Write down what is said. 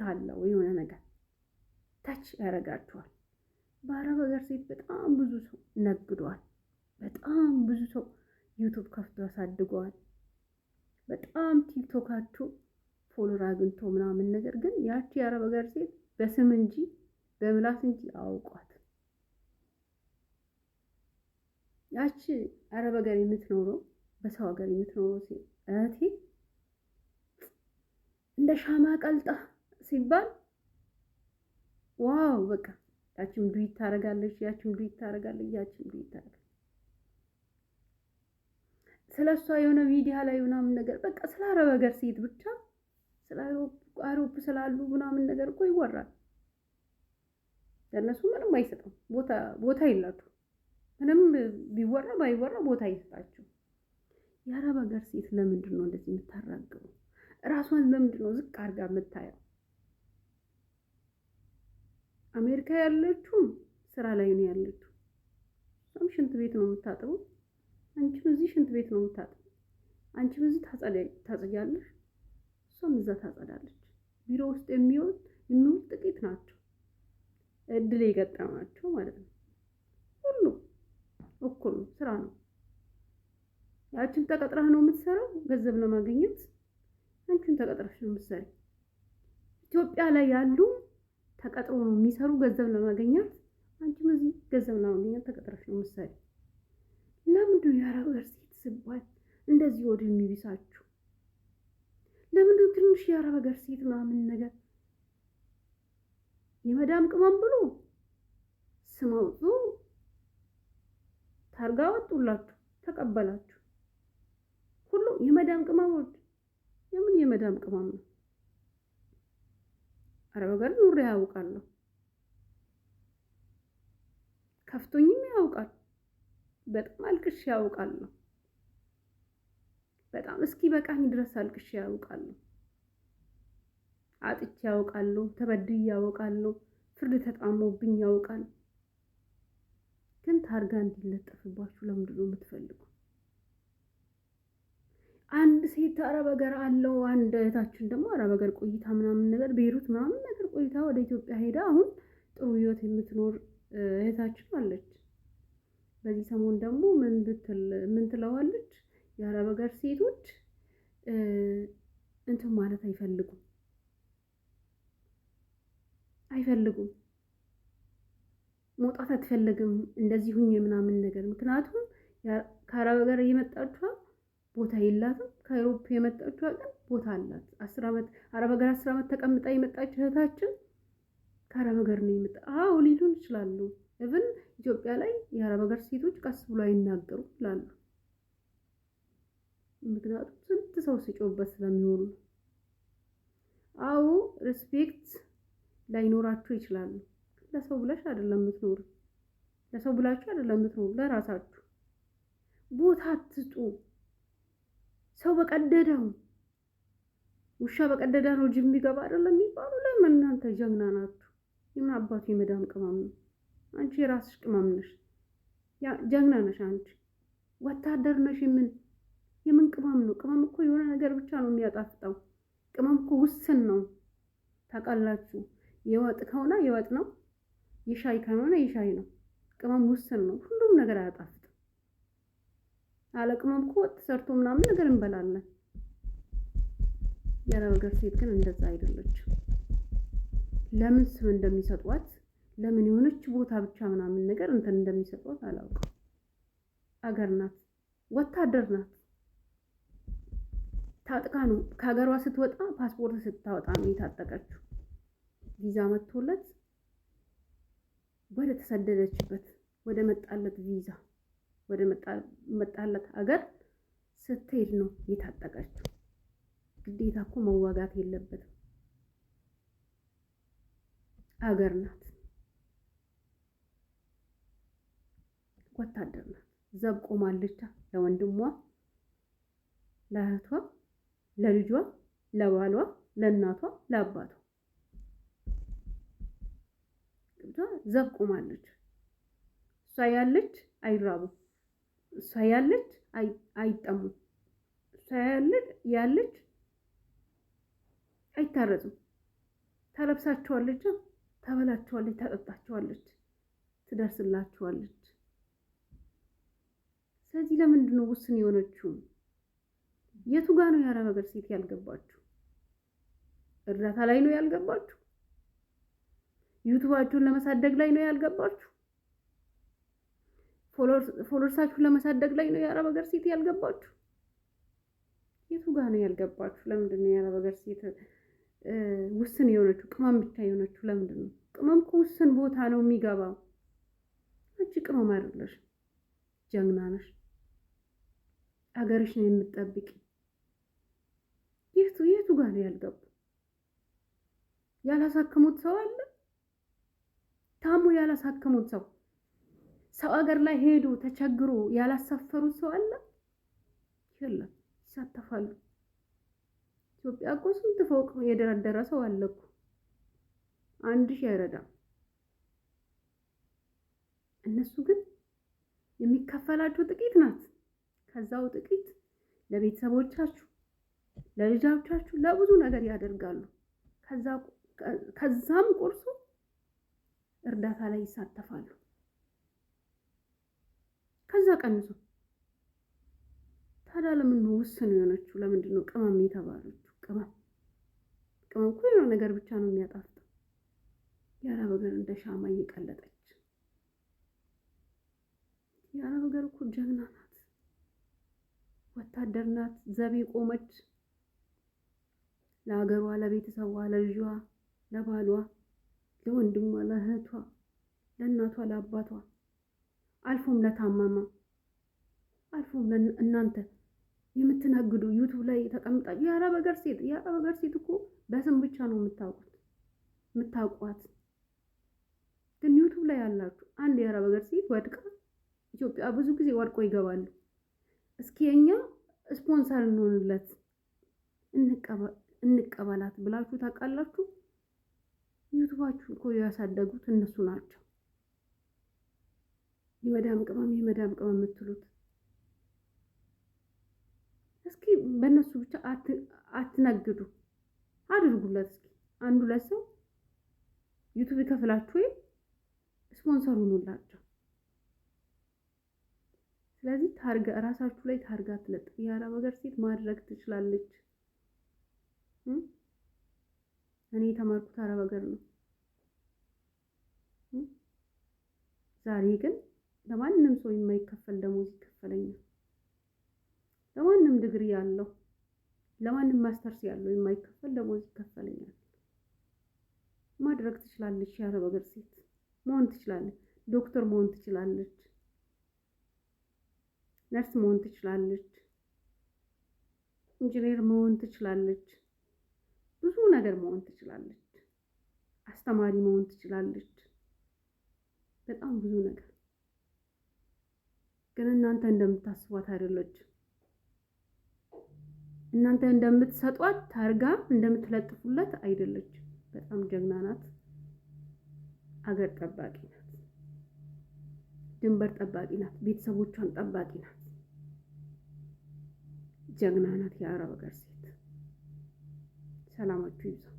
ስሜት አለው የሆነ ነገር ታች ያደርጋችኋል። በአረብ ሀገር ሴት በጣም ብዙ ሰው ነግዷል። በጣም ብዙ ሰው ዩቱብ ከፍቶ ያሳድገዋል። በጣም ቲክቶካችሁ ፎሎር አግኝቶ ምናምን ነገር ግን ያቺ የአረብ ሀገር ሴት በስም እንጂ በምላስ እንጂ አውቋት ያቺ አረብ ሀገር የምትኖረው በሰው ሀገር የምትኖረው ሴት እህቴ እንደ ሻማ ቀልጣ ሲባል ዋው በቃ ያችም ዱይት ታደርጋለች፣ ያችም ዱይት ታደርጋለች፣ ያችም ዱይት ታደርጋለች። ስለ እሷ የሆነ ሚዲያ ላይ ምናምን ነገር በቃ ስለ አረብ ሀገር ሴት ብቻ ስለ አውሮፕ ስላሉ ምናምን ነገር እኮ ይወራል። ለእነሱ ምንም አይሰጥም፣ ቦታ የላችሁ። ምንም ቢወራ ባይወራ ቦታ አይሰጣችሁ። የአረብ ሀገር ሴት ለምንድን ነው እንደዚህ የምታራግበው? እራሷን ለምንድን ነው ዝቅ አድርጋ የምታየው? አሜሪካ ያለችው ስራ ላይ ነው ያለችው። እሷም ሽንት ቤት ነው የምታጥበው፣ አንቺም እዚህ ሽንት ቤት ነው የምታጥበው። አንቺም እዚህ ታጽጃለሽ፣ እሷም እዛ ታጸዳለች። ቢሮ ውስጥ የሚውል የሚውል ጥቂት ናቸው፣ እድል የገጠማቸው ማለት ነው። ሁሉም እኩል ስራ ነው። ያችን ተቀጥራህ ነው የምትሰራው ገንዘብ ለማግኘት፣ አንቺን ተቀጥረሽ ነው የምትሰሪው። ኢትዮጵያ ላይ ያሉ ተቀጥሮ ነው የሚሰሩ ገንዘብ ለማገኘት። አንቺም እዚህ ገንዘብ ለማገኘት ተቀጥረሽ ነው ምሳሌ ለምንድን ነው የአረብ ሀገር ሴት ስባል እንደዚህ ወደ የሚብሳችሁ? ለምንድን ትንሽ የአረብ ሀገር ሴት ምናምን ነገር የመዳም ቅመም ብሎ ስም አውጥቶ ታርጋ ወጡላችሁ፣ ተቀበላችሁ። ሁሉም የመዳም ቅመሞች። የምን የመዳም ቅመም ነው? አረብ ሀገር ኑሬ ያውቃለሁ። ከፍቶኝም ያውቃል። በጣም አልቅሽ ያውቃለሁ። በጣም እስኪ በቃኝ ድረስ አልቅሽ ያውቃለሁ። አጥቼ ያውቃለሁ። ተበድዬ ያውቃለሁ። ፍርድ ተጣሞብኝ ያውቃል። ግን ታርጋ እንዲለጠፍባችሁ ለምንድን ነው የምትፈልጉ? አንድ ሴት አረብ ሀገር አለው። አንድ እህታችን ደግሞ አረብ ሀገር ቆይታ ምናምን ነገር ቤሩት ምናምን ነገር ቆይታ ወደ ኢትዮጵያ ሄዳ አሁን ጥሩ ህይወት የምትኖር እህታችን አለች። በዚህ ሰሞን ደግሞ ምን ትለዋለች? የአረብ ሀገር ሴቶች እንትን ማለት አይፈልጉም አይፈልጉም መውጣት አትፈልግም እንደዚህ ሁኝ ምናምን ነገር ምክንያቱም ከአረብ ሀገር እየመጣችኋል ቦታ የላትም። ከአውሮፓ የመጣችው አገር ቦታ አላት። አስር ዓመት አረብ ሀገር አስር ዓመት ተቀምጣ የመጣች እህታችን ከአረብ ሀገር ነው የመጣ። አዎ ሊሉን ይችላሉ። እብን ኢትዮጵያ ላይ የአረብ ሀገር ሴቶች ቀስ ብሎ አይናገሩ ይላሉ። ምክንያቱም ስንት ሰው ሲጮበት ስለሚሆኑ። አዎ ሪስፔክት ላይኖራችሁ ይችላሉ። ለሰው ብለሽ አይደለም የምትኖሩ፣ ለሰው ብላችሁ አይደለም የምትኖሩ፣ ለራሳችሁ ቦታ አትጡ። ሰው በቀደደው ውሻ በቀደዳ ነው ጅብ የሚገባ አይደለም የሚባሉ። ለምን እናንተ ጀግና ናችሁ? የምን አባቱ የመዳም ቅመም ነው? አንቺ የራስሽ ቅመም ነሽ፣ ጀግና ነሽ አንቺ ወታደር ነሽ። የምን የምን ቅመም ነው? ቅመም እኮ የሆነ ነገር ብቻ ነው የሚያጣፍጠው። ቅመም እኮ ውስን ነው ታውቃላችሁ። የወጥ ከሆነ የወጥ ነው፣ የሻይ ከሆነ የሻይ ነው። ቅመም ውስን ነው። ሁሉም ነገር አያጣፍጥ አለቅመም እኮ ወጥ ሰርቶ ምናምን ነገር እንበላለን። የአረብ ሀገር ሴት ግን እንደዛ አይደለችም። ለምን ስም እንደሚሰጧት ለምን የሆነች ቦታ ብቻ ምናምን ነገር እንትን እንደሚሰጧት አላውቅም። አገር ናት፣ ወታደር ናት። ታጥቃ ነው ከሀገሯ ስትወጣ ፓስፖርት ስታወጣ ነው የታጠቀችው። ቪዛ መጥቶለት ወደ ተሰደደችበት ወደ መጣለት ቪዛ ወደ መጣለት ሀገር ስትሄድ ነው የታጠቀችው። ግዴታ እኮ መዋጋት የለበትም አገር ናት፣ ወታደር ናት። ዘብ ቆማለች ለወንድሟ፣ ለእህቷ፣ ለልጇ፣ ለባሏ፣ ለእናቷ፣ ለአባቷ ዘብ ቆማለች። እሷ ያለች አይራቡም። እሷ ያለች አይጠሙም። እሷ ያለች አይታረጹም። ታለብሳችኋለች፣ ታበላችኋለች፣ ታጠጣችኋለች፣ ትደርስላችኋለች። ስለዚህ ለምንድን ነው ውስን የሆነችው? የቱ ጋ ነው የአረብ ሀገር ሴት ያልገባችሁ? እርዳታ ላይ ነው ያልገባችሁ? ዩቱባችሁን ለመሳደግ ላይ ነው ያልገባችሁ? ፎሎርሳችሁን ለመሳደግ ላይ ነው የአረብ ሀገር ሴት ያልገባችሁ? የቱ ጋር ነው ያልገባችሁ? ለምንድን ነው የአረብ ሀገር ሴት ውስን የሆነችው? ቅመም ብቻ የሆነችው ለምንድን ነው? ቅመም ከውስን ቦታ ነው የሚገባው። አንቺ ቅመም አይደለሽ፣ ጀግና ነሽ። አገርሽ ነው የምትጠብቂ። የቱ የቱ ጋር ነው ያልገቡ? ያላሳከሙት ሰው አለ ታሞ ያላሳከሙት ሰው ሰው አገር ላይ ሄዱ ተቸግሮ ያላሳፈሩት ሰው አለ የለም፣ ይሳተፋሉ። ኢትዮጵያ እኮ ስንት ፎቅ የደረደረ ሰው አለ እኮ አንድ ሺህ አይረዳም። እነሱ ግን የሚከፈላቸው ጥቂት ናት። ከዛው ጥቂት ለቤተሰቦቻችሁ፣ ለልጆቻችሁ፣ ለብዙ ነገር ያደርጋሉ። ከዛም ቆርሶ እርዳታ ላይ ይሳተፋሉ። ከዛ ቀንሶ ታዲያ ለምን ነው ውስን የሆነችው? ለምንድን ነው ቅመም የተባለችው? ቅመም ቅመም እኮ የሆነ ነገር ብቻ ነው የሚያጣፍጠው። የአረብ ሀገር እንደ ሻማ እየቀለጠች የአረብ ሀገር እኮ ጀግና ናት፣ ወታደር ናት፣ ዘቤ ቆመች ለሀገሯ፣ ለቤተሰቧ፣ ለልጇ፣ ለባሏ፣ ለወንድሟ፣ ለእህቷ፣ ለእናቷ፣ ለአባቷ አልፎም ለታመመ አልፎም እናንተ የምትናግዱ ዩቱብ ላይ ተቀምጣችሁ የአረብ ሀገር ሴት የአረብ ሀገር ሴት እኮ በስም ብቻ ነው የምታውቁት የምታውቋት። ግን ዩቱብ ላይ ያላችሁ አንድ የአረብ ሀገር ሴት ወድቃ ኢትዮጵያ ብዙ ጊዜ ወድቆ ይገባሉ። እስኪ የኛ ስፖንሰር እንሆንለት እንቀበላት ብላችሁ ታውቃላችሁ? ዩቱባችሁ እኮ ያሳደጉት እነሱ ናቸው። የመዳም ቅመም የመዳም ቅመም የምትሉት እስኪ በእነሱ ብቻ አትነግዱ፣ አድርጉለት። እስኪ አንዱ ለሰው ሰው ዩቱብ ይከፍላችሁ ወይም ስፖንሰር ሁኑላቸው። ስለዚህ ታርጋ እራሳችሁ ላይ ታርጋ አትለጥፉ። የአረብ ሀገር ሴት ማድረግ ትችላለች። እኔ የተማርኩት አረብ ሀገር ነው። ዛሬ ግን ለማንም ሰው የማይከፈል ደሞዝ ይከፈለኛል። ለማንም ድግሪ ያለው ለማንም ማስተርስ ያለው የማይከፈል ደሞዝ ይከፈለኛል። ማድረግ ትችላለች። የአረብ ሀገር ሴት መሆን ትችላለች። ዶክተር መሆን ትችላለች። ነርስ መሆን ትችላለች። ኢንጂነር መሆን ትችላለች። ብዙ ነገር መሆን ትችላለች። አስተማሪ መሆን ትችላለች። በጣም ብዙ ነገር ግን እናንተ እንደምታስቧት አይደለች እናንተ እንደምትሰጧት ታርጋ እንደምትለጥፉለት አይደለች በጣም ጀግና ናት። አገር ጠባቂ ናት። ድንበር ጠባቂ ናት። ቤተሰቦቿን ጠባቂ ናት። ጀግና ናት። የአረብ ሀገር ሴት። ሰላማችሁ ይብዛ።